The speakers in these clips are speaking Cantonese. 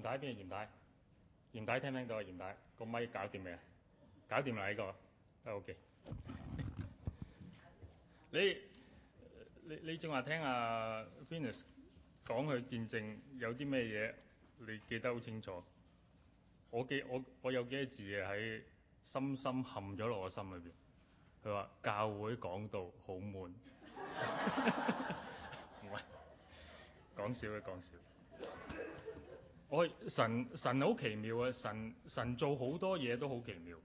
鹽帶邊？鹽大，鹽大聽唔聽到、這個 okay. 聽啊？鹽大個咪搞掂未啊？搞掂啦，呢個都 OK。你你你正話聽阿 Venus 講佢 Venice 見證有啲咩嘢， 你記得好清楚。我記我我有幾多字啊，喺深深陷咗落我心裏邊。佢話教會講道好悶。唔 係， 講笑嘅，講笑。我神神好奇妙啊！神神做好多嘢都好奇妙，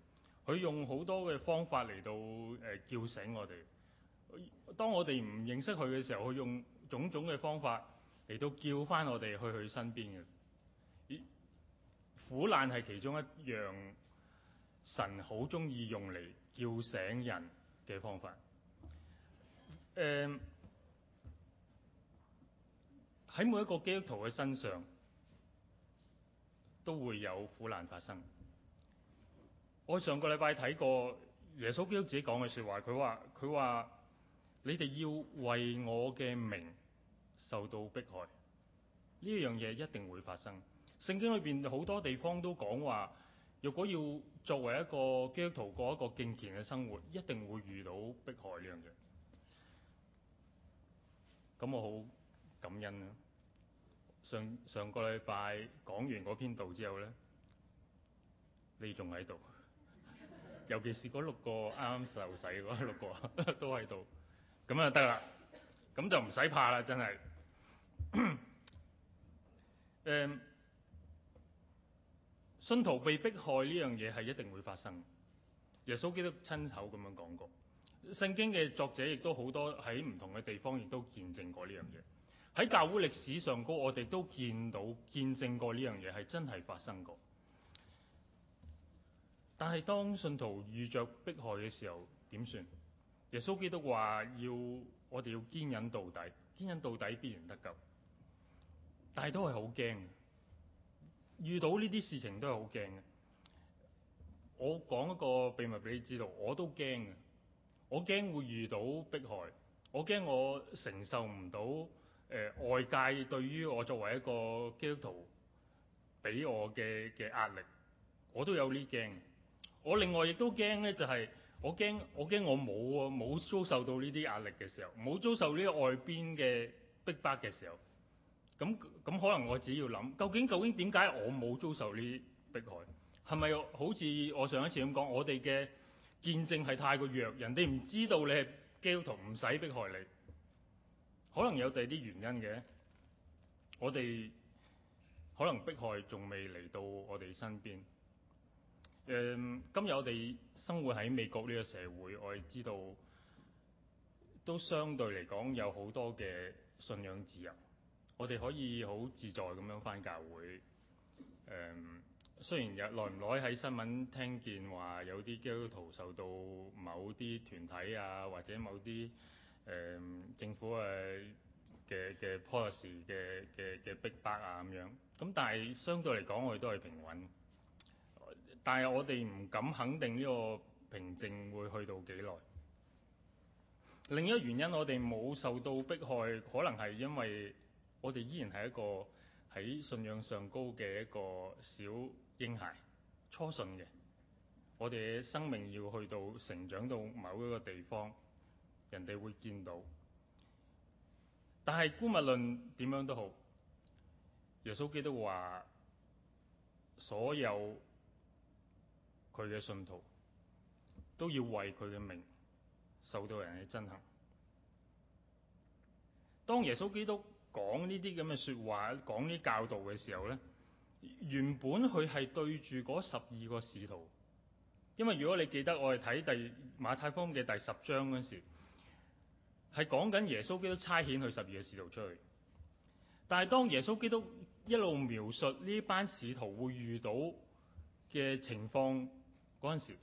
佢用好多嘅方法嚟到誒、呃、叫醒我哋。當我哋唔認識佢嘅時候，佢用種種嘅方法嚟到叫翻我哋去佢身邊嘅。苦難係其中一樣，神好中意用嚟叫醒人嘅方法。誒、呃。喺每一個基督徒嘅身上，都會有苦難發生。我上個禮拜睇過耶穌基督自己講嘅説話，佢話：佢話你哋要為我嘅名受到迫害，呢樣嘢一定會發生。聖經裏邊好多地方都講話，如果要作為一個基督徒過一個敬虔嘅生活，一定會遇到迫害呢樣嘢。咁我好感恩啦。上上個禮拜講完嗰篇道之後咧，你仲喺度， 尤其是嗰六個啱啱受洗嗰六個 都喺度，咁啊得啦，咁就唔使怕啦，真係。誒，信 徒、嗯、被逼害呢樣嘢係一定會發生，耶穌基督親口咁樣講過，聖經嘅作者亦都好多喺唔同嘅地方亦都見證過呢樣嘢。喺教會歷史上高，我哋都見到見證過呢樣嘢係真係發生過。但係當信徒遇着迫害嘅時候，點算？耶穌基督話要我哋要堅忍到底，堅忍到底必然得救。但係都係好驚，遇到呢啲事情都係好驚嘅。我講一個秘密俾你知道，我都驚嘅。我驚會遇到迫害，我驚我承受唔到。誒、呃、外界對於我作為一個基督徒俾我嘅嘅壓力，我都有啲驚。我另外亦都驚咧，就係、是、我驚，我驚我冇喎，冇遭受到呢啲壓力嘅時候，冇遭受呢外邊嘅逼迫嘅時候。咁咁可能我只要諗，究竟究竟點解我冇遭受呢啲迫害？係咪好似我上一次咁講？我哋嘅見證係太過弱，人哋唔知道你係基督徒，唔使迫害你。可能有第二啲原因嘅，我哋可能迫害仲未嚟到我哋身邊。Um, 今日我哋生活喺美國呢個社會，我哋知道都相對嚟講有好多嘅信仰自由，我哋可以好自在咁樣返教會。誒、um，雖然有耐唔耐喺新聞聽見話有啲基督徒受到某啲團體啊或者某啲，嗯、政府嘅嘅嘅嘅嘅逼迫啊，咁樣，咁但係相對嚟講，我哋都係平穩。但係我哋唔敢肯定呢個平靜會去到幾耐。另一原因，我哋冇受到迫害，可能係因為我哋依然係一個喺信仰上高嘅一個小嬰孩，初信嘅。我哋嘅生命要去到成長到某一個地方。人哋會見到，但係姑勿論點樣都好，耶穌基督話：所有佢嘅信徒都要為佢嘅名受到人嘅憎恨。當耶穌基督講呢啲咁嘅説話，講啲教導嘅時候呢，原本佢係對住嗰十二個使徒，因為如果你記得我哋睇第馬太福音嘅第十章嗰時。係講緊耶穌基督差遣去十二個使徒出去，但係當耶穌基督一路描述呢班使徒會遇到嘅情況嗰陣時，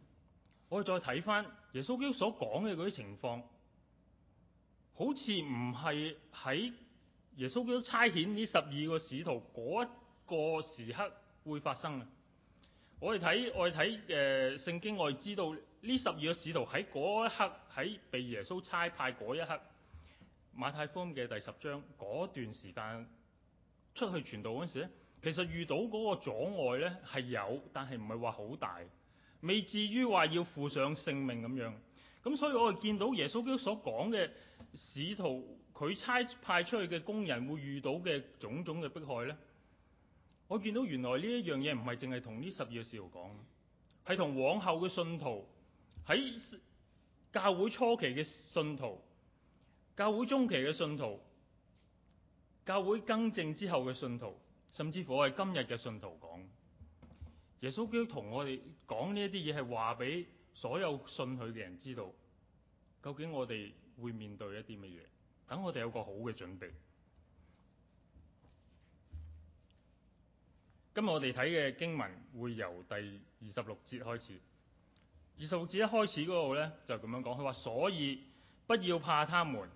我哋再睇返耶穌基督所講嘅嗰啲情況，好似唔係喺耶穌基督差遣呢十二個使徒嗰一個時刻會發生嘅。我哋睇，我哋睇誒聖經，我哋知道呢十二個使徒喺嗰一刻，喺被耶穌差派嗰一刻，《馬太福音》嘅第十章嗰段時間出去傳道嗰陣時咧，其實遇到嗰個阻礙咧係有，但係唔係話好大，未至於話要付上性命咁樣。咁所以我哋見到耶穌基督所講嘅使徒，佢差派出去嘅工人會遇到嘅種種嘅迫害咧。我見到原來呢一樣嘢唔係淨係同呢十二個信徒講，係同往後嘅信徒喺教會初期嘅信徒、教會中期嘅信徒、教會更正之後嘅信徒，甚至乎我哋今日嘅信徒講。耶穌基督同我哋講呢一啲嘢係話俾所有信佢嘅人知道，究竟我哋會面對一啲乜嘢，等我哋有個好嘅準備。今日我哋睇嘅經文會由第二十六節開始。二十六節一開始嗰度呢，就咁樣講，佢話：所以不要怕他們，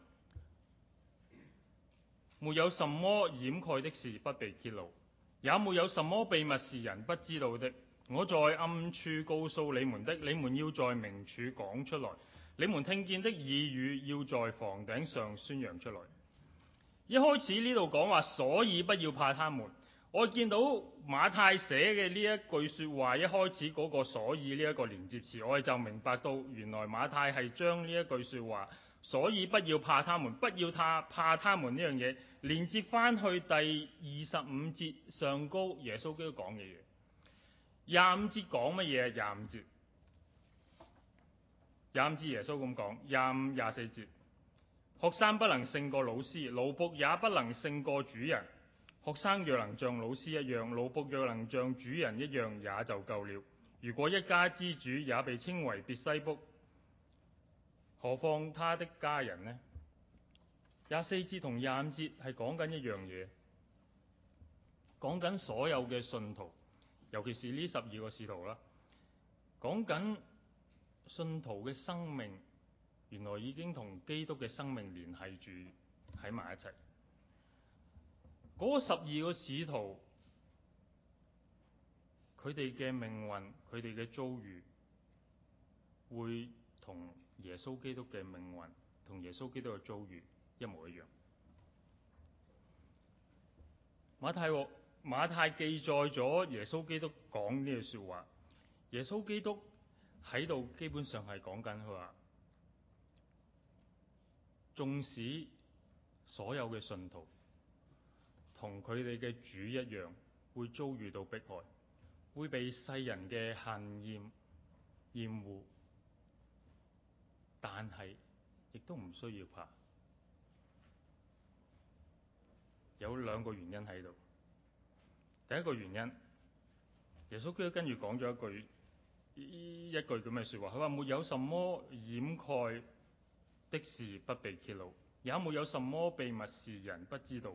沒有什麼掩蓋的事不被揭露，也沒有什麼秘密是人不知道的。我在暗處告訴你們的，你們要在明處講出來。你們聽見的耳語要在房頂上宣揚出來。一開始呢度講話，所以不要怕他們。我見到馬太寫嘅呢一句説話，一開始嗰個所以呢一個連接詞，我哋就明白到原來馬太係將呢一句説話，所以不要怕他們，不要怕怕他們呢樣嘢，連接翻去第二十五節上高耶穌基督講嘅嘢。廿五節講乜嘢啊？廿五節，廿五節耶穌咁講，廿五廿四節學生不能勝過老師，奴僕也不能勝過主人。學生若能像老師一樣，老僕若能像主人一樣，也就夠了。如果一家之主也被稱為別西卜，何況他的家人呢？廿四節同廿五節係講緊一樣嘢，講緊所有嘅信徒，尤其是呢十二個使徒啦，講緊信徒嘅生命原來已經同基督嘅生命連繫住喺埋一齊。嗰十二個使徒，佢哋嘅命運，佢哋嘅遭遇，會同耶穌基督嘅命運，同耶穌基督嘅遭遇一模一樣。馬太馬太記載咗耶穌基督講呢句說話，耶穌基督喺度基本上係講緊佢話，縱使所有嘅信徒。同佢哋嘅主一樣，會遭遇到迫害，會被世人嘅恨厭、厭惡，但係亦都唔需要怕。有兩個原因喺度。第一個原因，耶穌基督跟住講咗一句一句咁嘅説話，佢話：沒有什麼掩蓋的事不被揭露，也沒有什麼秘密是人不知道。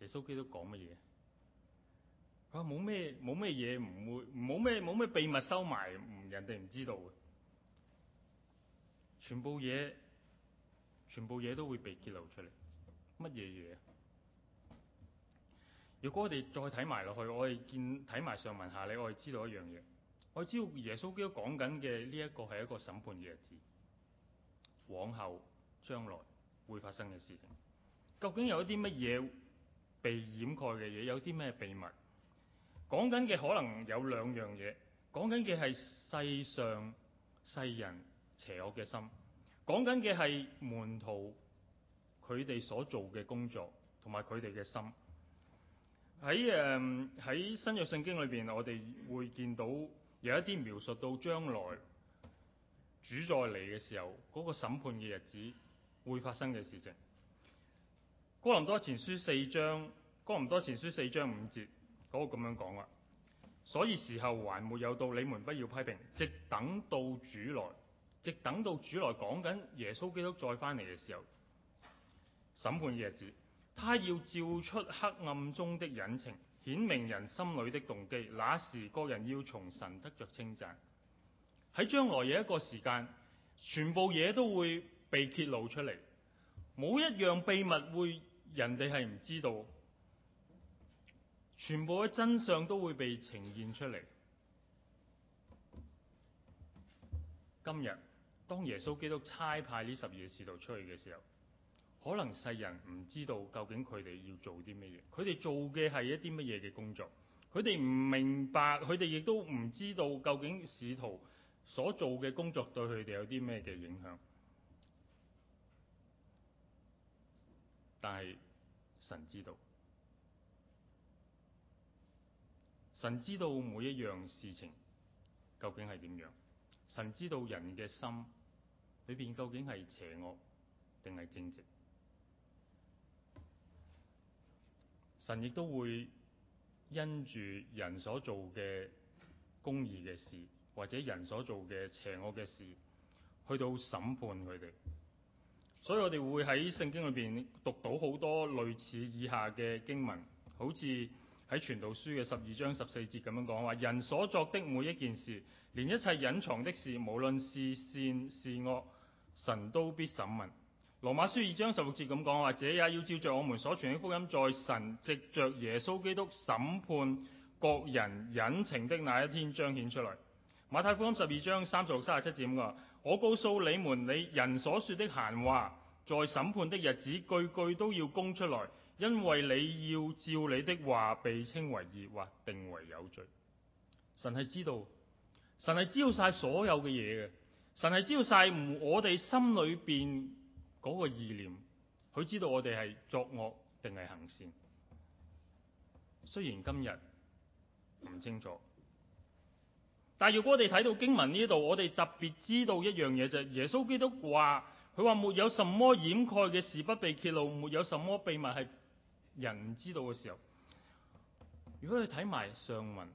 耶穌基督講乜嘢啊？冇咩冇咩嘢唔會冇咩冇咩秘密收埋，唔人哋唔知道嘅。全部嘢，全部嘢都會被揭露出嚟。乜嘢嘢？如果我哋再睇埋落去，我哋見睇埋上文下理，我哋知道一樣嘢。我知道耶穌基督講緊嘅呢一個係一個審判嘅日子，往後將來會發生嘅事情，究竟有一啲乜嘢？被掩蓋嘅嘢有啲咩秘密？講緊嘅可能有兩樣嘢，講緊嘅係世上世人邪惡嘅心，講緊嘅係門徒佢哋所做嘅工作同埋佢哋嘅心。喺誒喺新約聖經裏邊，我哋會見到有一啲描述到將來主再嚟嘅時候，嗰個審判嘅日子會發生嘅事情。哥林多前書四章，哥林多前書四章五節嗰、那個咁樣講啊。所以時候還沒有到，你們不要批評，直等到主來，直等到主來，講緊耶穌基督再翻嚟嘅時候，審判嘅日子，他要照出黑暗中的隱情，顯明人心裡的動機，那時各人要從神得着稱讚。喺將來有一個時間，全部嘢都會被揭露出嚟，冇一樣秘密會。人哋係唔知道，全部嘅真相都會被呈現出嚟。今日，當耶穌基督差派呢十二個使徒出去嘅時候，可能世人唔知道究竟佢哋要做啲乜嘢，佢哋做嘅係一啲乜嘢嘅工作，佢哋唔明白，佢哋亦都唔知道究竟使徒所做嘅工作對佢哋有啲咩嘅影響。但係神知道，神知道每一樣事情究竟係點樣，神知道人嘅心裏面究竟係邪惡定係正直，神亦都會因住人所做嘅公義嘅事，或者人所做嘅邪惡嘅事，去到審判佢哋。所以我哋會喺聖經裏邊讀到好多類似以下嘅經文，好似喺傳道書嘅十二章十四節咁樣講話，人所作的每一件事，連一切隱藏的事，無論是善是惡，神都必審問。羅馬書二章十六節咁講話，這也要照着我們所傳的福音，在神藉著耶穌基督審判各人隱情的那一天彰顯出來。馬太福音十二章三十六三十七節咁我告訴你們，你人所說的閒話，在審判的日子，句句都要供出來，因為你要照你的話被稱為義或定為有罪。神係知道，神係知道晒所有嘅嘢嘅，神係知道晒我哋心裏邊嗰個意念，佢知道我哋係作惡定係行善。雖然今日唔清楚。但係如果我哋睇到經文呢度，我哋特別知道一樣嘢就係耶穌基督話，佢話沒有什麼掩蓋嘅事不被揭露，沒有什麼秘密係人唔知道嘅時候。如果佢睇埋上文，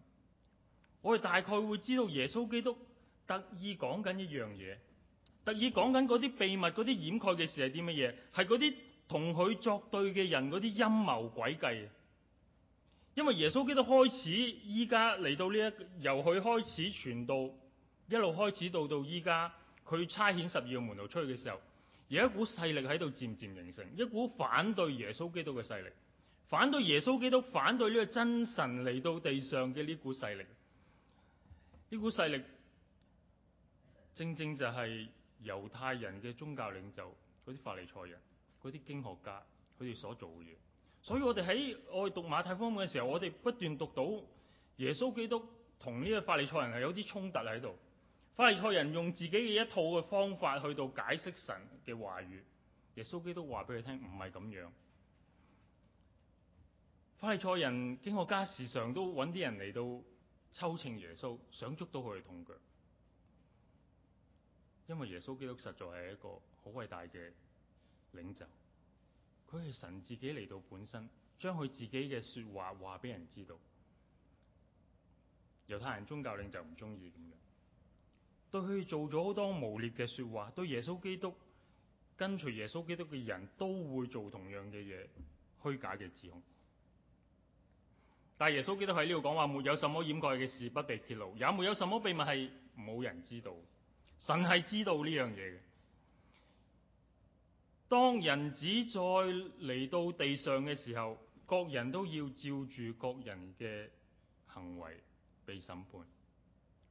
我哋大概會知道耶穌基督特意講緊一樣嘢，特意講緊嗰啲秘密，嗰啲掩蓋嘅事係啲乜嘢？係嗰啲同佢作對嘅人嗰啲陰謀詭計。因為耶穌基督開始依家嚟到呢，由佢開始傳道，一路開始到到依家，佢差遣十二個門徒出去嘅時候，有一股勢力喺度漸漸形成，一股反對耶穌基督嘅勢力，反對耶穌基督，反對呢個真神嚟到地上嘅呢股勢力，呢股勢力正正就係猶太人嘅宗教領袖，嗰啲法利賽人，嗰啲經學家，佢哋所做嘅嘢。所以我哋喺我哋讀馬太福音嘅時候，我哋不斷讀到耶穌基督同呢個法利賽人係有啲衝突喺度。法利賽人用自己嘅一套嘅方法去到解釋神嘅話語，耶穌基督話俾佢聽唔係咁樣。法利賽人經過家事上都揾啲人嚟到抽秤耶穌，想捉到佢嘅痛腳，因為耶穌基督實在係一個好偉大嘅領袖。佢係神自己嚟到本身，將佢自己嘅説話話俾人知道。猶太人宗教領就唔中意咁樣，對佢做咗好多誣衊嘅説話。對耶穌基督，跟隨耶穌基督嘅人都會做同樣嘅嘢，虛假嘅指控。但耶穌基督喺呢度講話，沒有什麼掩蓋嘅事不被揭露，也沒有什麼秘密係冇人知道。神係知道呢樣嘢嘅。當人子再嚟到地上嘅時候，各人都要照住各人嘅行為被審判，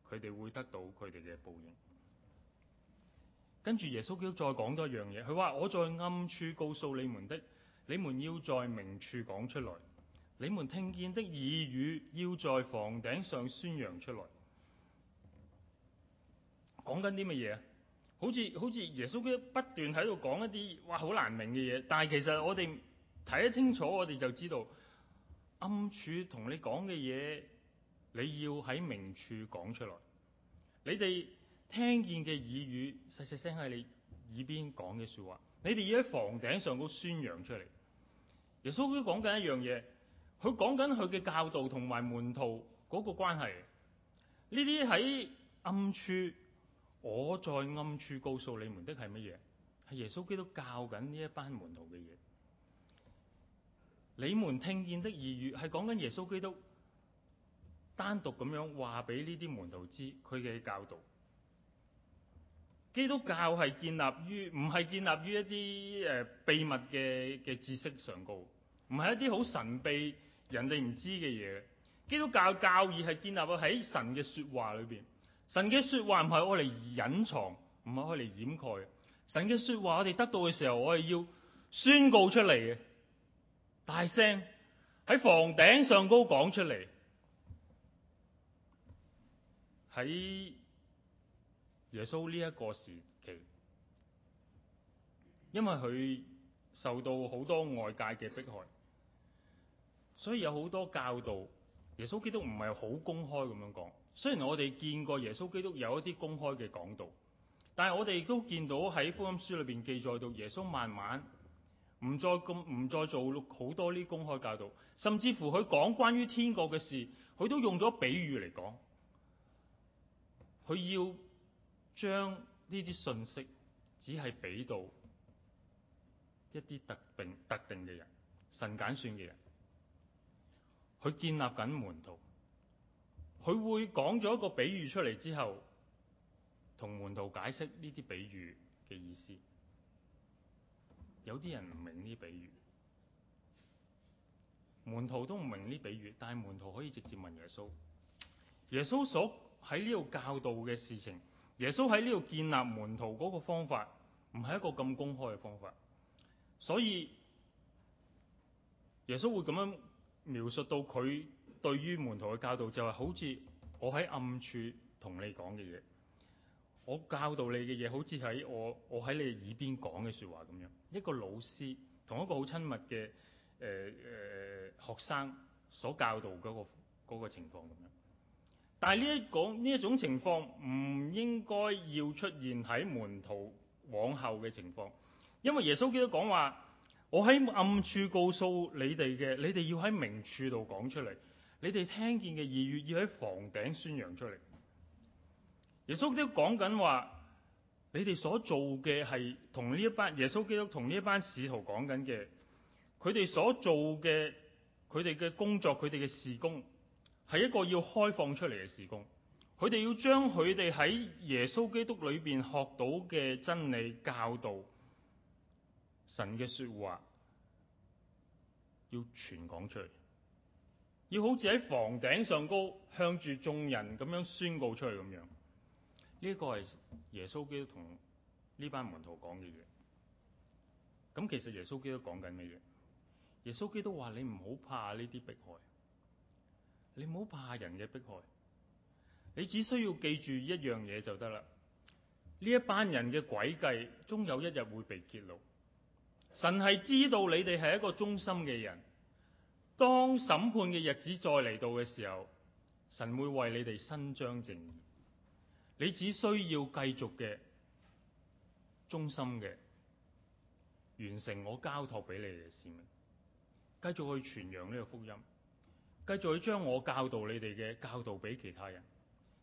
佢哋會得到佢哋嘅報應。跟住耶穌基督再講多一樣嘢，佢話：我在暗處告訴你們的，你們要在明處講出來；你們聽見的耳語要在房頂上宣揚出來。講緊啲乜嘢？好似好似耶穌佢不斷喺度講一啲哇好難明嘅嘢，但係其實我哋睇得清楚，我哋就知道暗處同你講嘅嘢，你要喺明處講出來。你哋聽見嘅耳語，細細聲喺你耳邊講嘅説話，你哋要喺房頂上高宣揚出嚟。耶穌佢講緊一樣嘢，佢講緊佢嘅教導同埋門徒嗰個關係。呢啲喺暗處。我在暗處告訴你們的係乜嘢？係耶穌基督教緊呢一班門徒嘅嘢。你們聽見的耳語係講緊耶穌基督單獨咁樣話俾呢啲門徒知佢嘅教導。基督教係建立於，唔係建立於一啲誒秘密嘅嘅知識上高，唔係一啲好神秘人哋唔知嘅嘢。基督教教義係建立喺神嘅說話裏邊。神嘅說話唔係用嚟隱藏，唔係用嚟掩蓋。神嘅說話我哋得到嘅時候，我哋要宣告出嚟嘅，大聲，喺房頂上高講出嚟。喺耶穌呢一個時期，因為佢受到好多外界嘅迫害，所以有好多教導，耶穌基督唔係好公開咁樣講。雖然我哋見過耶穌基督有一啲公開嘅講道，但係我哋亦都見到喺福音書裏邊記載到耶穌慢慢唔再咁唔再做好多呢公開教導，甚至乎佢講關於天國嘅事，佢都用咗比喻嚟講。佢要將呢啲信息只係俾到一啲特定特定嘅人，神揀選嘅人。佢建立緊門徒。佢會講咗一個比喻出嚟之後，同門徒解釋呢啲比喻嘅意思。有啲人唔明呢啲比喻，門徒都唔明呢啲比喻，但係門徒可以直接問耶穌。耶穌所喺呢度教導嘅事情，耶穌喺呢度建立門徒嗰個方法，唔係一個咁公開嘅方法，所以耶穌會咁樣描述到佢。對於門徒嘅教導就係好似我喺暗處同你講嘅嘢，我教導你嘅嘢好似喺我我喺你耳邊講嘅說話咁樣，一個老師同一個好親密嘅誒誒學生所教導嗰個嗰個情況咁樣。但係呢一講呢一種情況唔應該要出現喺門徒往後嘅情況，因為耶穌基督講話，我喺暗處告訴你哋嘅，你哋要喺明處度講出嚟。你哋聽見嘅耳語要喺房頂宣揚出嚟。耶穌基督講緊話，你哋所做嘅係同呢一班耶穌基督同呢一班使徒講緊嘅，佢哋所做嘅，佢哋嘅工作，佢哋嘅事工，係一個要開放出嚟嘅事工。佢哋要將佢哋喺耶穌基督裏邊學到嘅真理教導，神嘅說話要傳講出嚟。要好似喺房頂上高向住眾人咁樣宣告出去咁樣，呢個係耶穌基督同呢班門徒講嘅嘢。咁其實耶穌基督講緊乜嘢？耶穌基督話：你唔好怕呢啲迫害，你唔好怕人嘅迫害，你只需要記住一樣嘢就得啦。呢一班人嘅詭計，終有一日會被揭露。神係知道你哋係一個忠心嘅人。當審判嘅日子再嚟到嘅時候，神會為你哋伸張正義。你只需要繼續嘅忠心嘅完成我交託俾你嘅使命，繼續去傳揚呢個福音，繼續去將我教導你哋嘅教導俾其他人，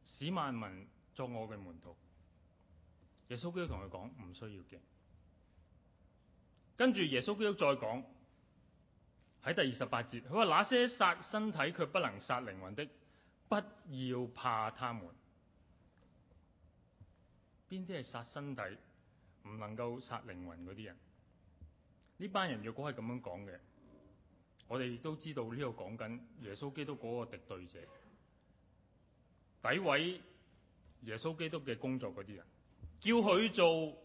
使萬民作我嘅門徒。耶穌基督同佢講，唔需要嘅，跟住耶穌基督再講。喺第二十八節，佢話那些殺身體卻不能殺靈魂的，不要怕他們。邊啲係殺身體唔能夠殺靈魂嗰啲人？呢班人若果係咁樣講嘅，我哋亦都知道呢度講緊耶穌基督嗰個敵對者，詆毀耶穌基督嘅工作嗰啲人，叫佢做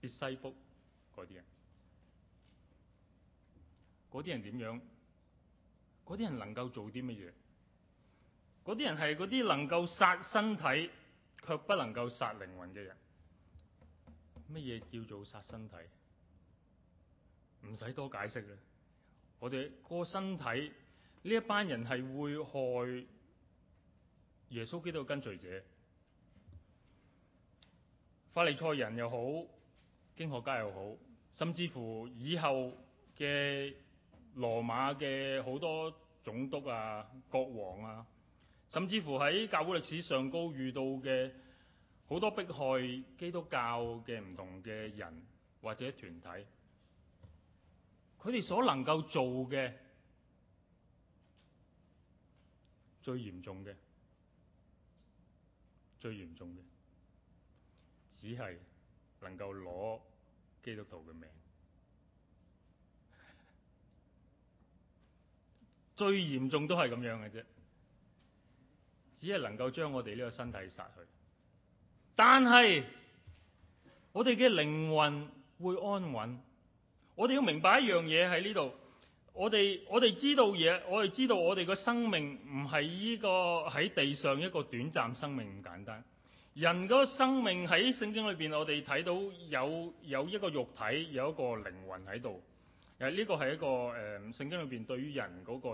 別西卜嗰啲人。嗰啲人點樣？嗰啲人能夠做啲乜嘢？嗰啲人係嗰啲能夠殺身體，卻不能夠殺靈魂嘅人。乜嘢叫做殺身體？唔使多解釋啦。我哋個身體呢一班人係會害耶穌基督跟隨者，法利賽人又好，經學家又好，甚至乎以後嘅。羅馬嘅好多總督啊、國王啊，甚至乎喺教會歷史上高遇到嘅好多迫害基督教嘅唔同嘅人或者團體，佢哋所能夠做嘅最嚴重嘅、最嚴重嘅，只係能夠攞基督徒嘅命。最嚴重都係咁樣嘅啫，只係能夠將我哋呢個身體殺去。但係我哋嘅靈魂會安穩。我哋要明白一樣嘢喺呢度，我哋我哋知道嘢，我哋知道我哋個生命唔係呢個喺地上一個短暫生命咁簡單。人個生命喺聖經裏邊，我哋睇到有有一個肉體，有一個靈魂喺度。誒呢個係一個誒聖經裏邊對於人嗰個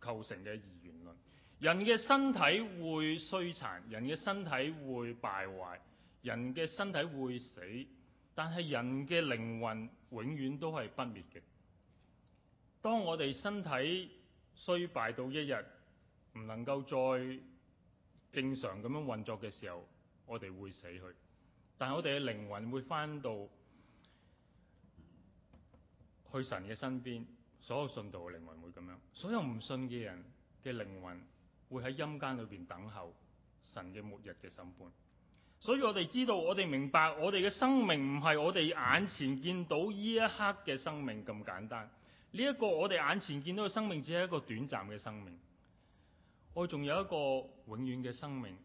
構成嘅二元論。人嘅身體會衰殘，人嘅身體會敗壞，人嘅身體會死，但係人嘅靈魂永遠都係不滅嘅。當我哋身體衰敗到一日唔能夠再正常咁樣運作嘅時候，我哋會死去，但係我哋嘅靈魂會返到。去神嘅身邊，所有信道嘅靈魂會咁樣；所有唔信嘅人嘅靈魂會喺陰間裏邊等候神嘅末日嘅審判。所以我哋知道，我哋明白，我哋嘅生命唔係我哋眼前見到呢一刻嘅生命咁簡單。呢一個我哋眼前見到嘅生命只係一個短暫嘅生命，我仲有一個永遠嘅生命，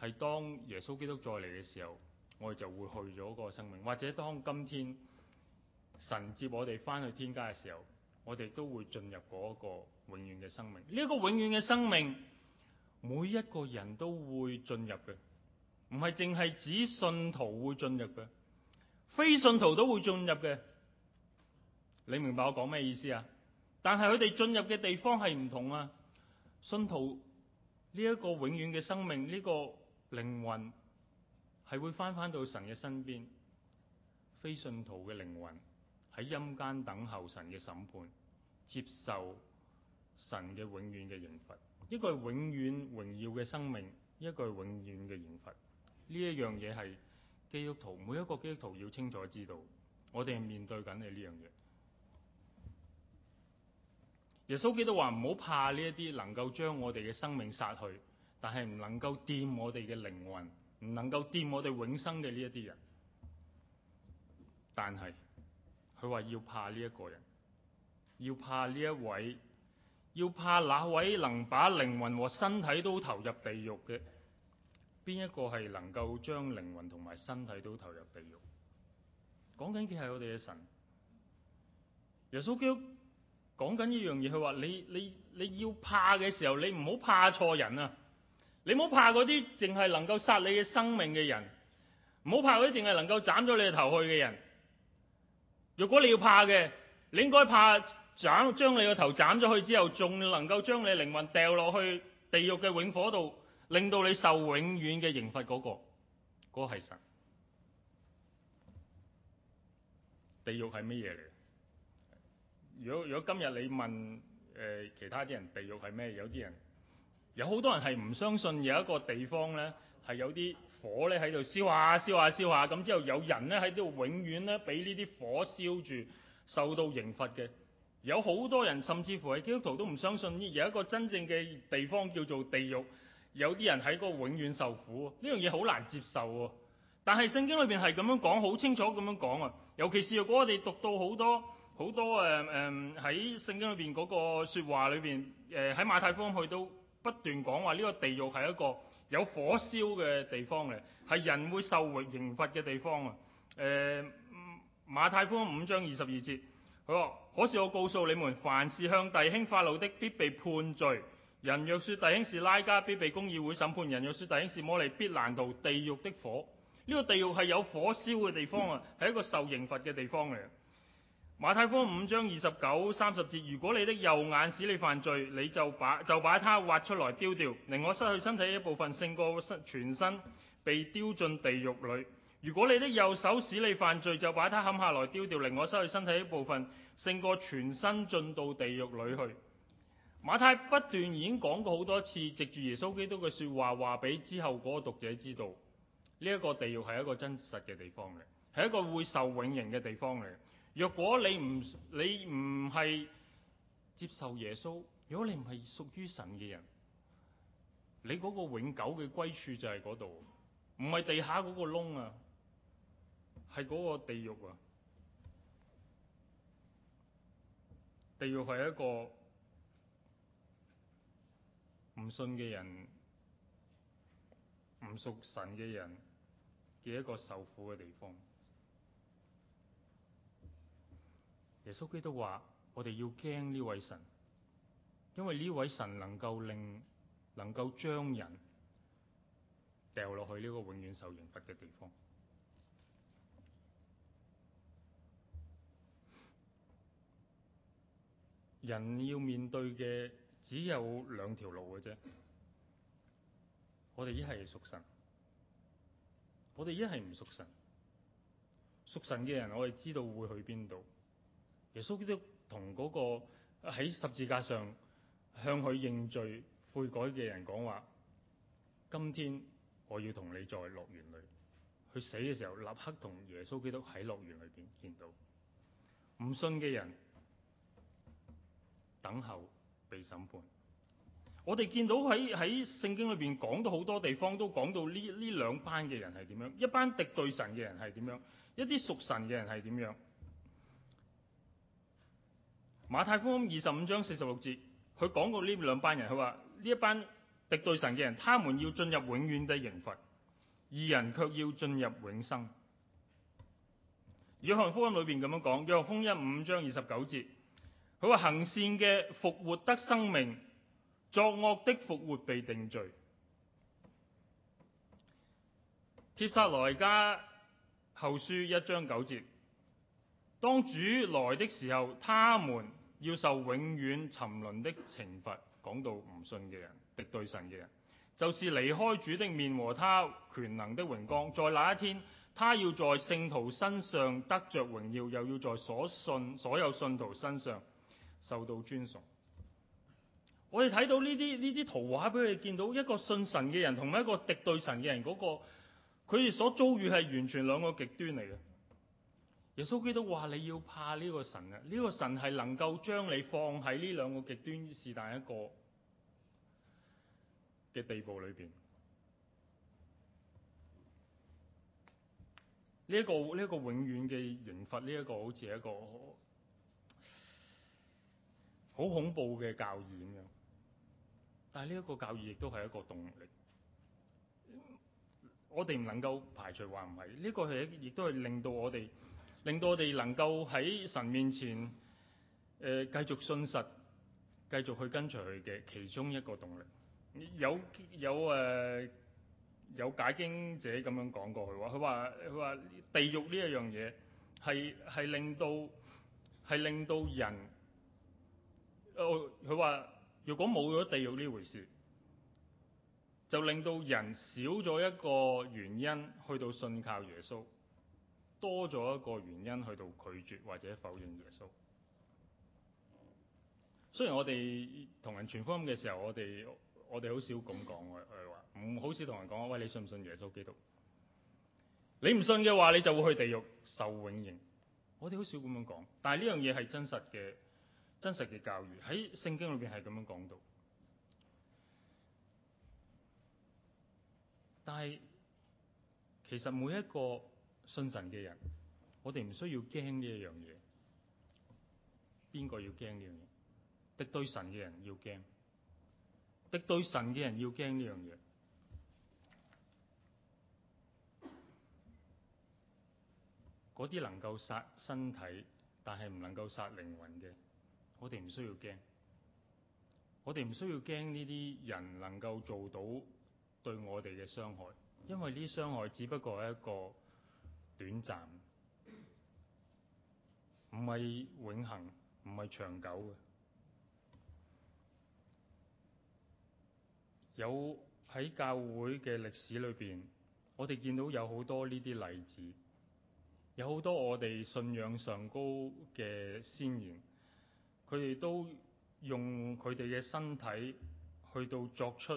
係當耶穌基督再嚟嘅時候，我哋就會去咗嗰個生命，或者當今天。神接我哋翻去天家嘅時候，我哋都會進入嗰個永遠嘅生命。呢一個永遠嘅生命，每一個人都會進入嘅，唔係淨係指信徒會進入嘅，非信徒都會進入嘅。你明白我講咩意思啊？但係佢哋進入嘅地方係唔同啊。信徒呢一個永遠嘅生命，呢個靈魂係會翻翻到神嘅身邊，非信徒嘅靈魂。喺陰間等候神嘅審判，接受神嘅永遠嘅刑罰。一個係永遠榮耀嘅生命，一個係永遠嘅刑罰。呢一樣嘢係基督徒，每一個基督徒要清楚知道，我哋係面對緊嘅呢樣嘢。耶穌基督話唔好怕呢一啲能夠將我哋嘅生命殺去，但係唔能夠掂我哋嘅靈魂，唔能夠掂我哋永生嘅呢一啲人。但係。佢話要怕呢一個人，要怕呢一位，要怕哪位能把靈魂和身體都投入地獄嘅？邊一個係能夠將靈魂同埋身體都投入地獄？講緊嘅係我哋嘅神。耶穌基督講緊呢樣嘢，佢話你你你要怕嘅時候，你唔好怕錯人啊！你唔好怕啲淨係能夠殺你嘅生命嘅人，唔好怕啲淨係能夠斬咗你嘅頭去嘅人。如果你要怕嘅，你應該怕斬將你個頭斬咗去之後，仲能夠將你靈魂掉落去地獄嘅永火度，令到你受永遠嘅刑罰嗰個，嗰個係神。地獄係乜嘢嚟？如果如果今日你問誒其他啲人，地獄係咩，有啲人，有好多人係唔相信有一個地方咧係有啲。火咧喺度燒下燒下燒下，咁之後有人咧喺度永遠咧俾呢啲火燒住，受到刑罰嘅。有好多人甚至乎喺基督徒都唔相信呢，有一個真正嘅地方叫做地獄，有啲人喺嗰度永遠受苦，呢樣嘢好難接受。但係聖經裏邊係咁樣講，好清楚咁樣講啊。尤其是如果我哋讀到好多好多誒誒喺聖經裏邊嗰個說話裏邊，誒、呃、喺馬太福音去到不斷講話呢個地獄係一個。有火燒嘅地方嚟，係人會受刑罰嘅地方啊！誒、欸，馬太福音五章二十二節，佢話：可是我告訴你們，凡是向弟兄發怒的，必被判罪；人若説弟兄是拉加，必被公議會審判；人若説弟兄是摩利，必難逃地獄的火。呢、這個地獄係有火燒嘅地方啊，係一個受刑罰嘅地方嚟。馬太福音五章二十九、三十節：如果你的右眼使你犯罪，你就把就把它挖出來丟掉，令我失去身體一部分，勝過身全身被丟進地獄裏；如果你的右手使你犯罪，就把它砍下來丟掉，令我失去身體一部分，勝過全身進到地獄裏去。馬太不斷已經講過好多次，藉住耶穌基督嘅說話，話俾之後嗰個讀者知道，呢、這、一個地獄係一個真實嘅地方嘅，係一個會受永刑嘅地方嚟。若果你唔你唔係接受耶穌，如果你唔係屬於神嘅人，你嗰個永久嘅歸處就係嗰度，唔係地下嗰個窿啊，係嗰個地獄啊，地獄係一個唔信嘅人、唔屬神嘅人嘅一個受苦嘅地方。耶穌基督話：我哋要驚呢位神，因為呢位神能夠令能夠將人掉落去呢個永遠受刑罰嘅地方。人要面對嘅只有兩條路嘅啫。我哋一係屬神，我哋一係唔屬神。屬神嘅人，我哋知道會去邊度。耶穌基督同嗰個喺十字架上向佢認罪悔改嘅人講話：今天我要同你在樂園裏。佢死嘅時候，立刻同耶穌基督喺樂園裏邊見到。唔信嘅人等候被審判。我哋見到喺喺聖經裏邊講到好多地方，都講到呢呢兩班嘅人係點樣，一班敵對神嘅人係點樣，一啲屬神嘅人係點樣。馬太福音二十五章四十六節，佢講過呢兩班人，佢話呢一班敵對神嘅人，他們要進入永遠嘅刑罰，二人卻要進入永生。約翰福音裏邊咁樣講，約翰福音五章二十九節，佢話行善嘅復活得生命，作惡的復活被定罪。帖撒羅尼迦後書一章九節。當主來的時候，他們要受永遠沉淪的懲罰。講到唔信嘅人，敵對神嘅人，就是離開主的面和他權能的榮光。在那一天，他要在聖徒身上得着榮耀，又要在所信所有信徒身上受到尊崇。我哋睇到呢啲呢啲圖畫，俾我哋見到一個信神嘅人同埋一個敵對神嘅人嗰個，佢哋所遭遇係完全兩個極端嚟嘅。耶穌基督話：你要怕呢個神啊！呢、呢個神係能夠將你放喺呢兩個極端是但一個嘅地步裏邊。呢、呢、一個呢一、呢個永遠嘅刑罰，呢一個好似係一個好恐怖嘅教義咁樣。但係呢一個教義亦都係一個動力。我哋唔能夠排除話唔係呢個係，亦都係令到我哋。令到我哋能夠喺神面前，誒、呃、繼續信實，繼續去跟隨佢嘅其中一個動力。有有誒、呃、有解經者咁樣講過，過佢話佢話地獄呢一樣嘢，係係令到係令到人，佢、呃、話如果冇咗地獄呢回事，就令到人少咗一個原因去到信靠耶穌。多咗一個原因去到拒絕或者否認耶穌。雖然我哋同人傳福音嘅時候，我哋我哋好少咁講嘅，係話唔好少同人講，喂，你信唔信耶穌基督？你唔信嘅話，你就會去地獄受永刑。我哋好少咁樣講，但係呢樣嘢係真實嘅，真實嘅教義喺聖經裏邊係咁樣講到。但係其實每一個。信神嘅人，我哋唔需要驚呢一樣嘢。邊個要驚呢樣嘢？敵對神嘅人要驚，敵對神嘅人要驚呢樣嘢。嗰啲能夠殺身體，但係唔能夠殺靈魂嘅，我哋唔需要驚。我哋唔需要驚呢啲人能夠做到對我哋嘅傷害，因為呢啲傷害只不過係一個。短暫，唔係永恒，唔係長久嘅。有喺教會嘅歷史裏邊，我哋見到有好多呢啲例子，有好多我哋信仰上高嘅先賢，佢哋都用佢哋嘅身體去到作出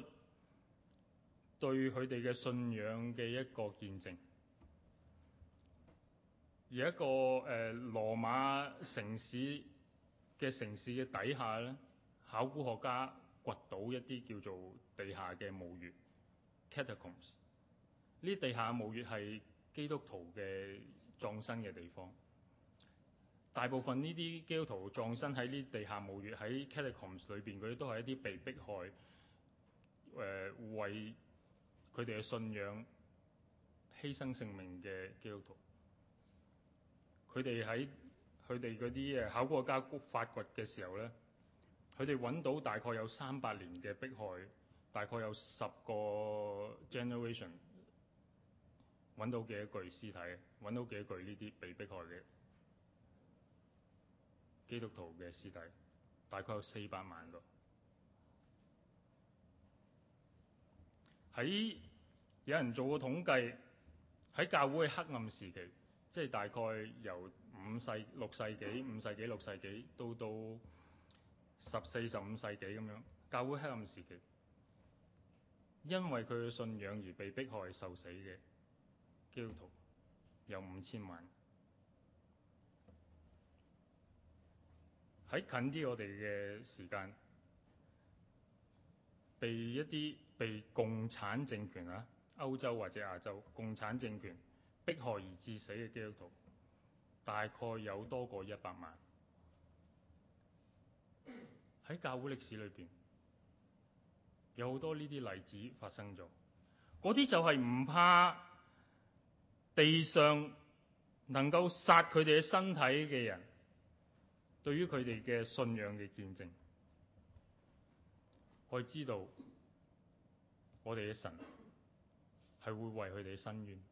對佢哋嘅信仰嘅一個見證。而一個誒、呃、羅馬城市嘅城市嘅底下咧，考古學家掘到一啲叫做地下嘅墓穴 （catacombs）。呢啲地下墓穴係基督徒嘅葬身嘅地方。大部分呢啲基督徒葬身喺呢啲地下墓穴喺 catacombs 裏邊，佢哋都係一啲被迫害、誒、呃、為佢哋嘅信仰犧牲性命嘅基督徒。佢哋喺啲考古學家發掘嘅時候呢，佢哋揾到大概有三百年嘅迫害，大概有十個 generation 揾到幾多具屍體，揾到幾多具呢啲被迫害嘅基督徒嘅屍體，大概有四百萬個。喺有人做過統計，喺教會黑暗時期。即係大概由五世六世紀五世紀六世紀到到十四、十五世紀咁樣教會黑暗時期，因為佢嘅信仰而被迫害受死嘅基督徒有五千萬。喺近啲我哋嘅時間被一啲被共產政權啊，歐洲或者亞洲共產政權。迫害而致死嘅基督徒大概有多過一百萬。喺教會歷史裏邊，有好多呢啲例子發生咗。嗰啲就係唔怕地上能夠殺佢哋嘅身體嘅人，對於佢哋嘅信仰嘅見證，我知道我哋嘅神係會為佢哋伸冤。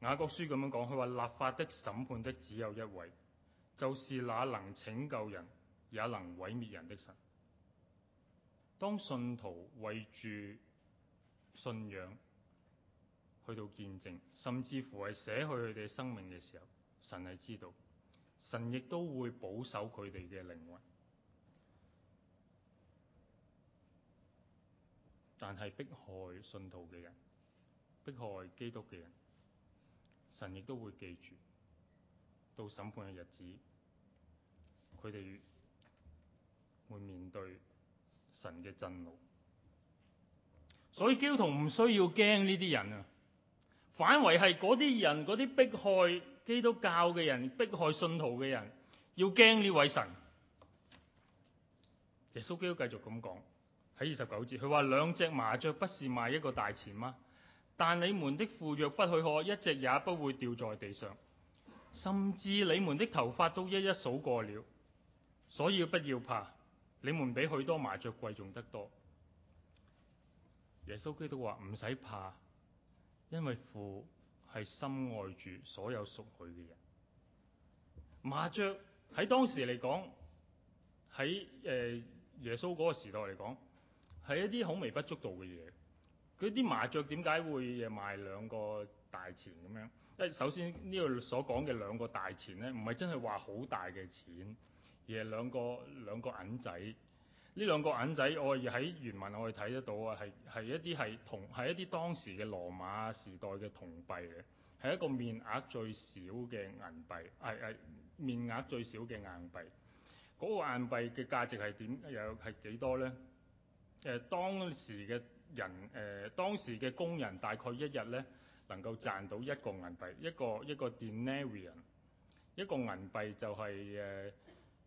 雅各書咁樣講，佢話，立法的、審判的只有一位，就是那能拯救人，也能毀滅人的神。當信徒為住信仰去到見證，甚至乎係捨去佢哋生命嘅時候，神係知道，神亦都會保守佢哋嘅靈魂。但係迫害信徒嘅人，迫害基督嘅人。神亦都會記住，到審判嘅日子，佢哋會面對神嘅震怒。所以基督徒唔需要驚呢啲人啊，反為係嗰啲人、嗰啲迫害基督教嘅人、迫害信徒嘅人，要驚呢位神。耶穌基督繼續咁講，喺二十九節，佢話兩隻麻雀不是賣一個大錢嗎？但你們的父若不許可，一直也不會掉在地上。甚至你們的頭髮都一一數過了，所以不要怕。你們比許多麻雀貴重得多。耶穌基督話：唔使怕，因為父係深愛住所有屬佢嘅人。麻雀喺當時嚟講，喺耶穌嗰個時代嚟講，係一啲好微不足道嘅嘢。佢啲麻雀點解會賣兩個大錢咁樣？因為首先呢個所講嘅兩個大錢咧，唔係真係話好大嘅錢，而係兩個兩個銀仔。呢兩個銀仔，我而喺原文我哋睇得到啊，係係一啲係銅，係一啲當時嘅羅馬時代嘅銅幣嘅，係一個面額最少嘅銀幣，係係面額最少嘅硬幣。嗰個硬幣嘅價值係點？又係幾多咧？誒，當時嘅。人誒、呃、當時嘅工人，大概一日咧能夠賺到一個銀幣一個一個 denarian，一個銀幣就係、是、誒、呃、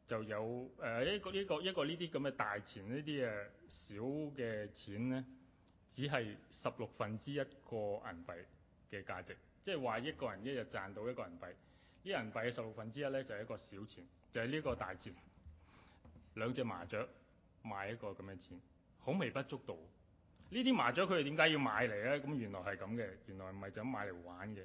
就有誒、呃、一個一個一個呢啲咁嘅大錢,的的錢呢啲誒小嘅錢咧，只係十六分之一個銀幣嘅價值，即係話一個人一日賺到一個銀幣，呢銀幣嘅十六分之一咧就係、是、一個小錢，就係、是、呢個大錢兩隻麻雀買一個咁嘅錢好微不足道。呢啲麻雀，佢哋點解要買嚟咧？咁原來係咁嘅，原來唔係就咁買嚟玩嘅。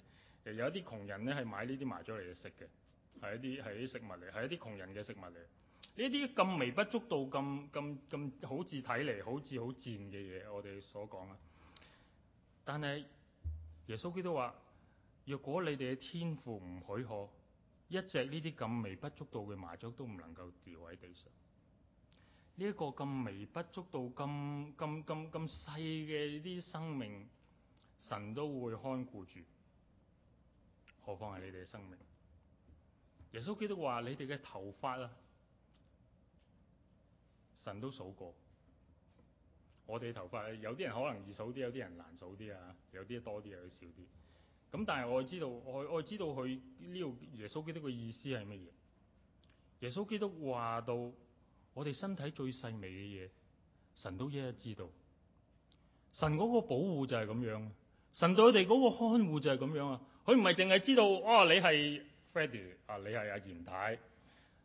有一啲窮人咧，係買呢啲麻雀嚟食嘅，係一啲係啲食物嚟，係一啲窮人嘅食物嚟。呢啲咁微不足道、咁咁咁好似睇嚟、好似好賤嘅嘢，我哋所講啊。但係耶穌基督話：若果你哋嘅天父唔許可，一隻呢啲咁微不足道嘅麻雀都唔能夠掉喺地上。呢一個咁微不足道、咁咁咁咁細嘅啲生命，神都會看顧住，何況係你哋嘅生命？耶穌基督話：你哋嘅頭髮啊，神都數過。我哋嘅頭髮，有啲人可能易數啲，有啲人難數啲啊，有啲多啲，有少啲。咁但係我知道，我我知道佢呢度耶穌基督嘅意思係乜嘢？耶穌基督話到。我哋身體最細微嘅嘢，神都一一知道。神嗰個保護就係咁樣，神對佢哋嗰個看護就係咁樣啊！佢唔係淨係知道哦，你係 Freddie 啊，你係阿賢太，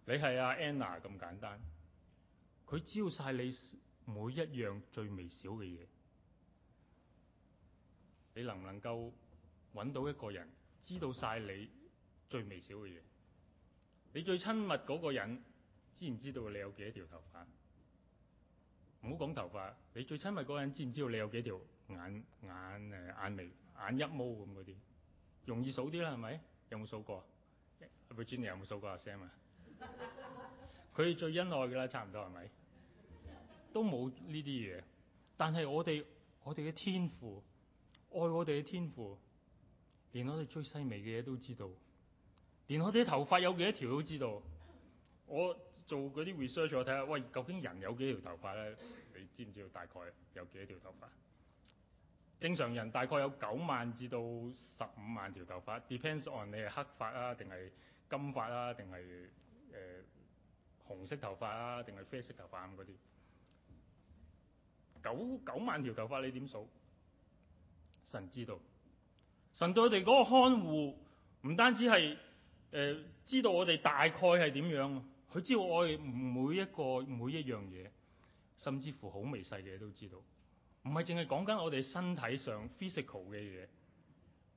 你係阿 Anna 咁簡單。佢知道晒你每一樣最微小嘅嘢。你能唔能夠揾到一個人，知道晒你最微小嘅嘢？你最親密嗰個人。知唔知道你有幾多條頭髮？唔好講頭髮，你最親密嗰個人知唔知道你有幾條眼眼誒眼眉眼一毛咁嗰啲，容易數啲啦，係咪？有冇數過？阿貝珍妮有冇數過阿 Sam 啊？佢 最恩愛嘅啦，差唔多係咪？都冇呢啲嘢，但係我哋我哋嘅天父，愛我哋嘅天父，連我哋最細微嘅嘢都知道，連我哋頭髮有幾多條都知道，我。做嗰啲 research，我睇下喂，究竟人有幾條頭髮咧？你知唔知道大概有幾多條頭髮？正常人大概有九萬至到十五萬條頭髮 depends on 你係黑髮啊，定係金髮啊，定係誒紅色頭髮啊，定係啡色頭髮咁嗰啲。九九萬條頭髮你點數？神知道，神對我哋嗰個看護唔單止係誒、呃、知道我哋大概係點樣。佢知道我哋每一個每一樣嘢，甚至乎好微細嘅嘢都知道，唔係淨係講緊我哋身體上 physical 嘅嘢，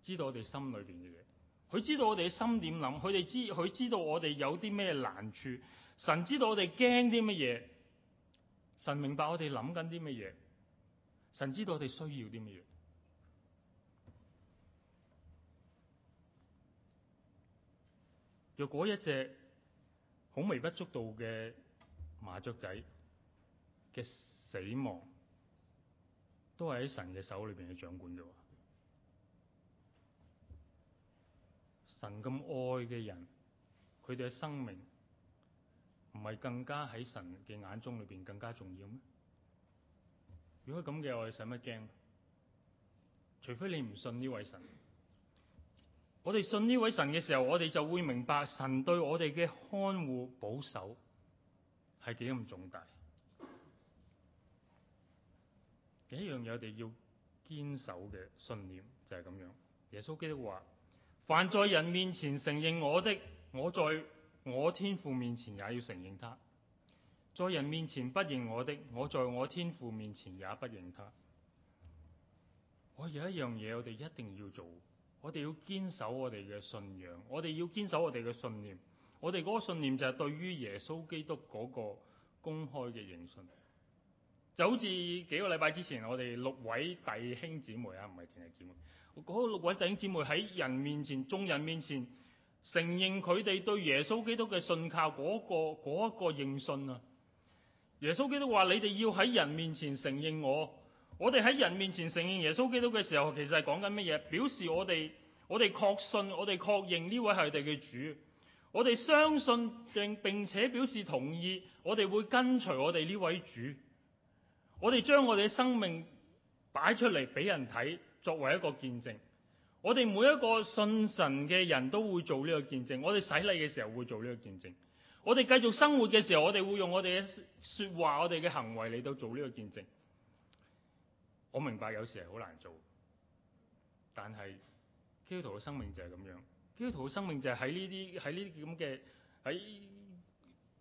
知道我哋心裏邊嘅嘢。佢知道我哋心點諗，佢哋知，佢知道我哋有啲咩難處。神知道我哋驚啲乜嘢，神明白我哋諗緊啲乜嘢，神知道我哋需要啲乜嘢。若果一隻好微不足道嘅麻雀仔嘅死亡，都係喺神嘅手裏邊嘅掌管嘅。神咁愛嘅人，佢哋嘅生命唔係更加喺神嘅眼中裏邊更加重要咩？如果咁嘅，我哋使乜驚？除非你唔信呢位神。我哋信呢位神嘅時候，我哋就會明白神對我哋嘅看護保守係幾咁重大。一樣嘢我哋要堅守嘅信念就係咁樣。耶穌基督話：凡在人面前承認我的，我在我天父面前也要承認他；在人面前不認我的，我在我天父面前也不認他。我有一樣嘢我哋一定要做。我哋要堅守我哋嘅信仰，我哋要堅守我哋嘅信念。我哋嗰個信念就係對於耶穌基督嗰個公開嘅認信，就好似幾個禮拜之前，我哋六位弟兄姊妹啊，唔係淨係姊妹，嗰、嗰個、六位弟兄姊妹喺人面前、眾人面前承認佢哋對耶穌基督嘅信靠嗰個嗰一個認信啊！耶穌基督話：你哋要喺人面前承認我。我哋喺人面前承認耶穌基督嘅時候，其實係講緊乜嘢？表示我哋，我哋確信，我哋確認呢位係佢哋嘅主。我哋相信，並並且表示同意，我哋會跟隨我哋呢位主。我哋將我哋嘅生命擺出嚟俾人睇，作為一個見證。我哋每一個信神嘅人都會做呢個見證。我哋洗禮嘅時候會做呢個見證。我哋繼續生活嘅時候，我哋會用我哋嘅說話、我哋嘅行為嚟到做呢個見證。我明白有時係好難做，但係基督徒嘅生命就係咁樣。基督徒嘅生命就係喺呢啲，喺呢啲咁嘅，喺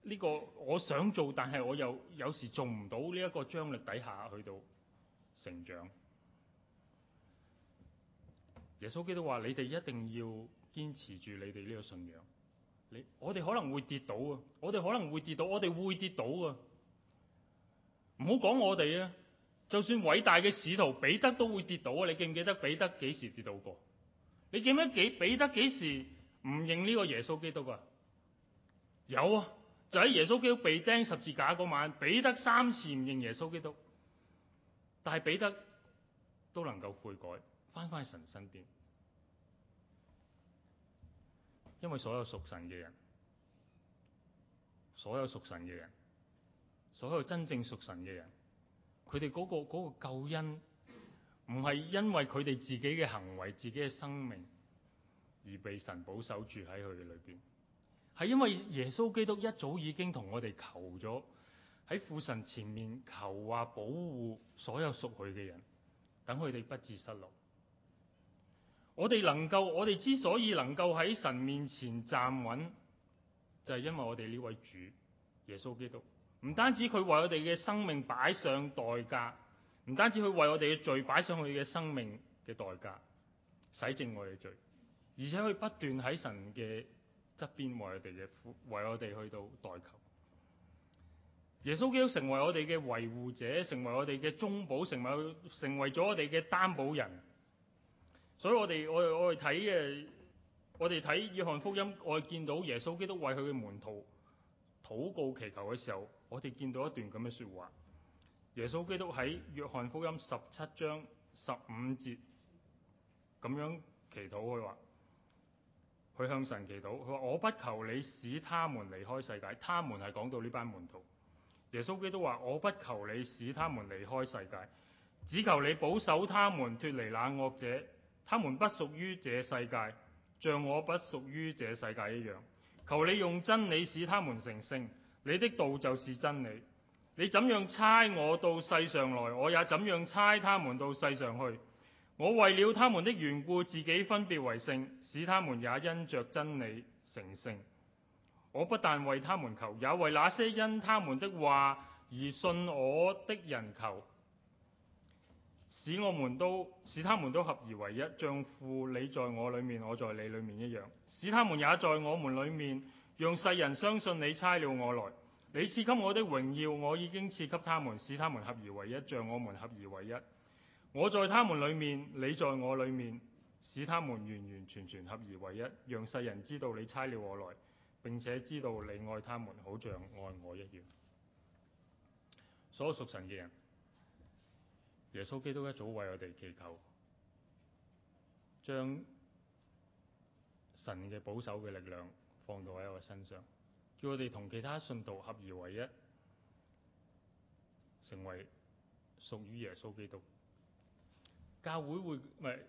呢個我想做，但係我又有，有時做唔到呢一個張力底下去到成長。耶穌基督話：你哋一定要堅持住你哋呢個信仰。你我哋可能會跌倒啊！我哋可能會跌倒，我哋會跌倒啊！唔好講我哋啊！就算偉大嘅使徒彼得都會跌倒啊！你記唔記得彼得幾時跌倒過？你記唔記得彼得幾時唔認呢個耶穌基督啊？有啊，就喺耶穌基督被釘十字架嗰晚，彼得三次唔認耶穌基督，但係彼得都能夠悔改，翻返神身邊。因為所有屬神嘅人，所有屬神嘅人，所有真正屬神嘅人。佢哋嗰個嗰個救恩唔係因為佢哋自己嘅行為、自己嘅生命而被神保守住喺佢哋裏邊，係因為耶穌基督一早已經同我哋求咗，喺父神前面求話保護所有屬佢嘅人，等佢哋不致失落。我哋能夠我哋之所以能夠喺神面前站穩，就係因為我哋呢位主耶穌基督。唔單止佢為我哋嘅生命擺上代價，唔單止佢為我哋嘅罪擺上佢嘅生命嘅代價，洗淨我哋嘅罪，而且佢不斷喺神嘅側邊為我哋嘅父，為我哋去到代求。耶穌基督成為我哋嘅維護者，成為我哋嘅中保，成為成為咗我哋嘅擔保人。所以我哋我哋我哋睇嘅，我哋睇約翰福音，我哋見到耶穌基督為佢嘅門徒禱告祈求嘅時候。我哋見到一段咁嘅説話，耶穌基督喺約翰福音十七章十五節咁樣祈禱，佢話：佢向神祈禱，佢話我不求你使他們離開世界，他們係講到呢班門徒。耶穌基督話：我不求你使他們離開世界，只求你保守他們脱離冷惡者，他們不屬於這世界，像我不屬於這世界一樣。求你用真理使他們成聖。你的道就是真理，你怎樣差我到世上來，我也怎樣差他們到世上去。我為了他們的緣故，自己分別為聖，使他們也因着真理成聖。我不但為他們求，也為那些因他們的話而信我的人求，使我們都使他們都合而為一，像父你在我裏面，我在你裏面一樣，使他們也在我們裏面。讓世人相信你差了我來，你賜給我的榮耀，我已經賜給他們，使他們合而為一，像我們合而為一。我在他們裏面，你在我裏面，使他們完完全全合而為一。讓世人知道你差了我來，並且知道你愛他們，好像愛我一樣。所有屬神嘅人，耶穌基督一早為我哋祈求，將神嘅保守嘅力量。放到喺我身上，叫我哋同其他信徒合而為一，成為屬於耶穌基督。教會，會唔係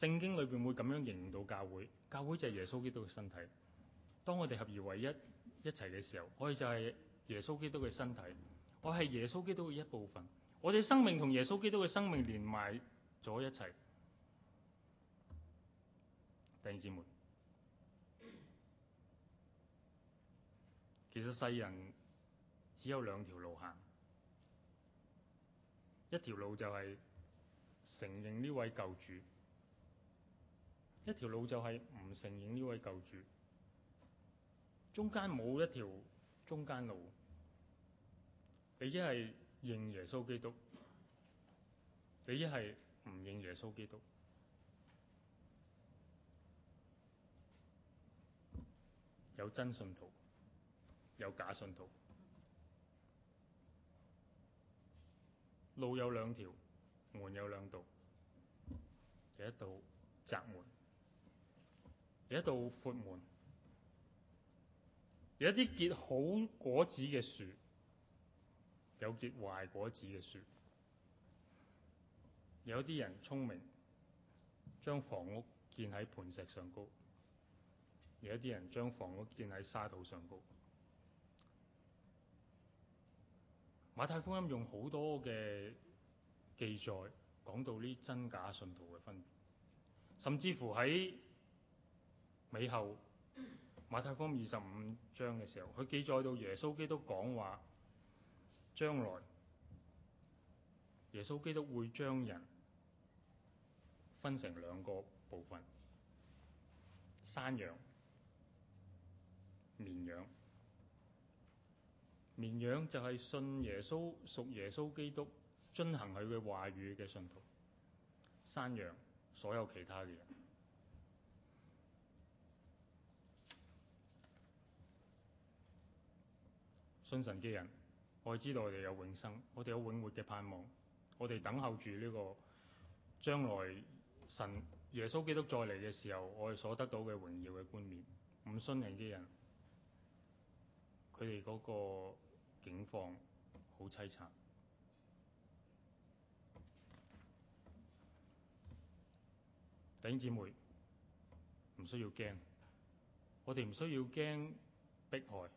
聖經裏邊會咁樣形容到教會，教會就係耶穌基督嘅身體。當我哋合而為一一齊嘅時候，我哋就係耶穌基督嘅身體，我係耶穌基督嘅一部分，我哋生命同耶穌基督嘅生命連埋咗一齊。弟兄姊妹。其實世人只有兩條路行，一條路就係承認呢位救主，一條路就係唔承認呢位救主。中間冇一條中間路，你一係認耶穌基督，你一係唔認耶穌基督，有真信徒。有假信徒，路有兩條，門有兩道。有一道窄門，有一道闊門。有一啲結好果子嘅樹，有結壞果子嘅樹。有啲人聰明，將房屋建喺盤石上高；有啲人將房屋建喺沙土上高。馬太福音用好多嘅記載講到呢真假信徒嘅分別，甚至乎喺尾後馬太福音二十五章嘅時候，佢記載到耶穌基督講話，將來耶穌基督會將人分成兩個部分：山羊、綿羊。綿羊就係信耶穌、屬耶穌基督、遵行佢嘅話語嘅信徒；山羊，所有其他嘅人，信神嘅人，我知道我哋有永生，我哋有永活嘅盼望，我哋等候住呢個將來神耶穌基督再嚟嘅時候，我哋所得到嘅榮耀嘅冠冕。唔信神嘅人，佢哋嗰個。警方好凄慘，弟兄姊妹唔需要驚，我哋唔需要驚迫害。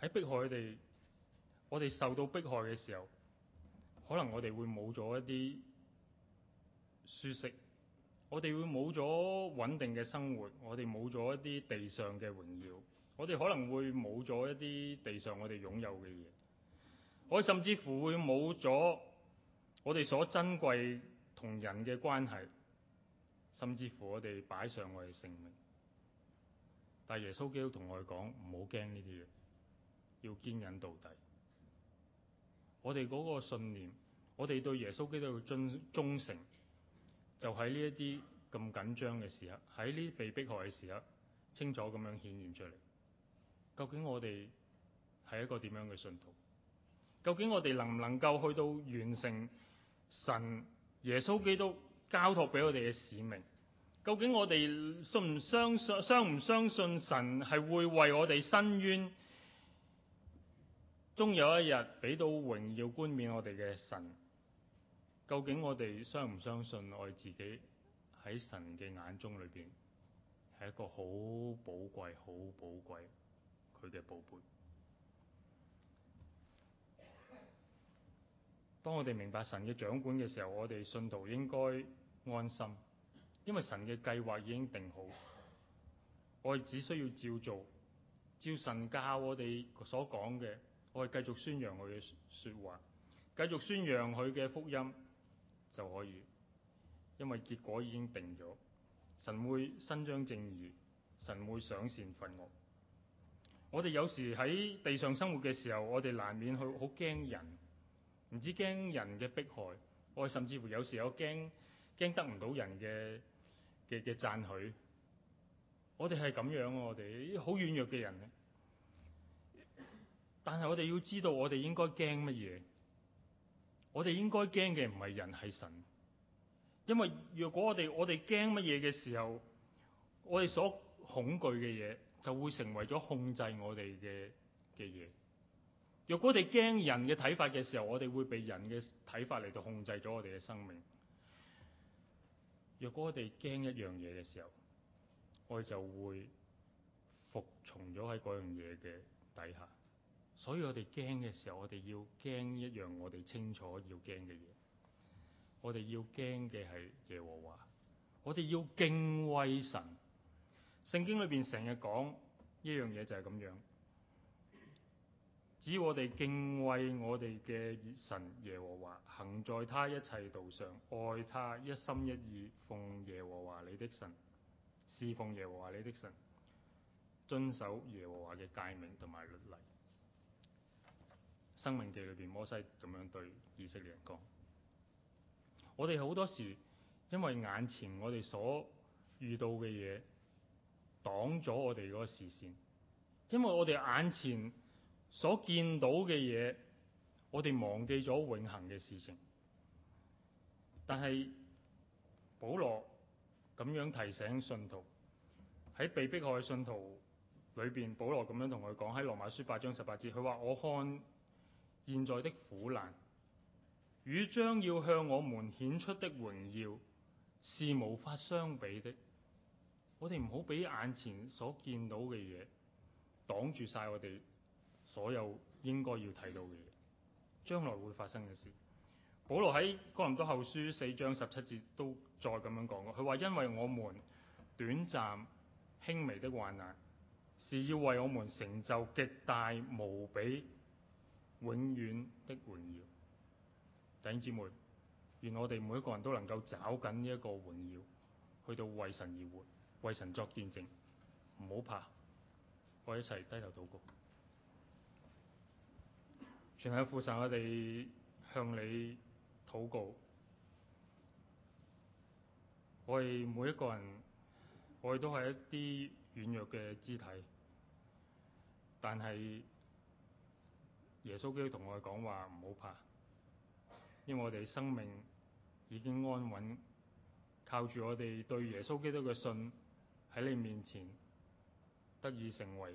喺迫害我哋，我哋受到迫害嘅時候，可能我哋會冇咗一啲舒適，我哋會冇咗穩定嘅生活，我哋冇咗一啲地上嘅榮耀。我哋可能會冇咗一啲地上我哋擁有嘅嘢，我甚至乎會冇咗我哋所珍貴同人嘅關係，甚至乎我哋擺上我哋性命。但耶穌基督同我哋講：唔好驚呢啲嘢，要堅忍到底。我哋嗰個信念，我哋對耶穌基督嘅忠忠誠，就喺呢一啲咁緊張嘅時候，喺呢被迫害嘅時候，清楚咁樣顯現出嚟。究竟我哋係一個點樣嘅信徒？究竟我哋能唔能夠去到完成神耶穌基督交託俾我哋嘅使命？究竟我哋信唔相信相唔相信神係會為我哋伸冤？終有一日俾到榮耀冠冕我哋嘅神？究竟我哋相唔相信我哋自己喺神嘅眼中裏邊係一個好寶貴、好寶貴？佢嘅寶貝。當我哋明白神嘅掌管嘅時候，我哋信徒應該安心，因為神嘅計劃已經定好，我哋只需要照做，照神教我哋所講嘅，我哋繼續宣揚佢嘅説話，繼續宣揚佢嘅福音就可以，因為結果已經定咗，神會伸張正義，神會賞善罰惡。我哋有時喺地上生活嘅時候，我哋難免去好驚人，唔止驚人嘅迫害，我甚至乎有時好驚，驚得唔到人嘅嘅嘅讚許。我哋係咁樣，我哋好軟弱嘅人。但係我哋要知道我，我哋應該驚乜嘢？我哋應該驚嘅唔係人，係神。因為若果我哋我哋驚乜嘢嘅時候，我哋所恐懼嘅嘢。就會成為咗控制我哋嘅嘅嘢。若果我哋驚人嘅睇法嘅時候，我哋會被人嘅睇法嚟到控制咗我哋嘅生命。若果我哋驚一樣嘢嘅時候，我哋就會服從咗喺嗰樣嘢嘅底下。所以我哋驚嘅時候，我哋要驚一樣我哋清楚要驚嘅嘢。我哋要驚嘅係耶和華，我哋要敬畏神。聖經裏面成日講一樣嘢就係咁樣，只要我哋敬畏我哋嘅神耶和華，行在他一切道上，愛他一心一意奉耶和華你的神，侍奉耶和華你的神，遵守耶和華嘅誡命同埋律例。申命記裏面，摩西咁樣對以色列人講：我哋好多時因為眼前我哋所遇到嘅嘢，擋咗我哋個視線，因為我哋眼前所見到嘅嘢，我哋忘記咗永恒嘅事情。但係保羅咁樣提醒信徒，喺被迫害信徒裏邊，保羅咁樣同佢講喺羅馬書八章十八節，佢話：我看現在的苦難與將要向我們顯出的榮耀是無法相比的。我哋唔好俾眼前所見到嘅嘢擋住晒。我哋所有應該要睇到嘅嘢，將來會發生嘅事。保羅喺哥林多後書四章十七節都再咁樣講過。佢話：因為我們短暫輕微的患難，是要為我們成就極大無比永遠的榮耀。弟兄姊妹，願我哋每一個人都能夠找緊呢一個榮耀，去到為神而活。為神作見證，唔好怕，我一齊低頭禱告。全靠父神，我哋向你禱告。我哋每一個人，我哋都係一啲軟弱嘅肢體，但係耶穌基督同我哋講話，唔好怕，因為我哋生命已經安穩，靠住我哋對耶穌基督嘅信。喺你面前得以成為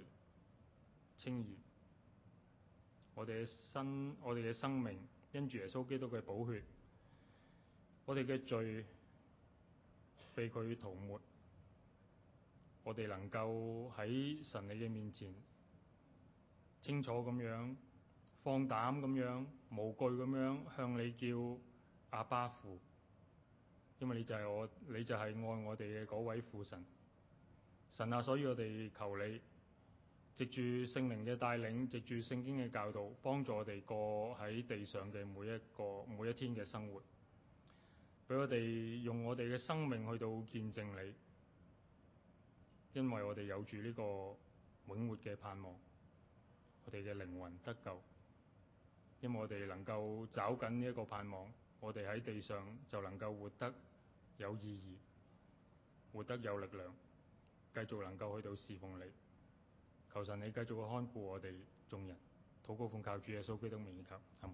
清潔，我哋嘅生我哋嘅生命因住耶穌基督嘅寶血，我哋嘅罪被佢塗抹，我哋能夠喺神你嘅面前清楚咁樣放膽咁樣無懼咁樣向你叫阿巴父，因為你就係我，你就係愛我哋嘅嗰位父神。神啊，所以我哋求你，藉住聖靈嘅帶領，藉住聖經嘅教導，幫助我哋過喺地上嘅每一個每一天嘅生活，俾我哋用我哋嘅生命去到見證你，因為我哋有住呢個永活嘅盼望，我哋嘅靈魂得救，因為我哋能夠找緊呢一個盼望，我哋喺地上就能夠活得有意義，活得有力量。繼續能夠去到侍奉你，求神你繼續嘅看顧我哋眾人，禱告奉靠主嘅耶穌基督名義以及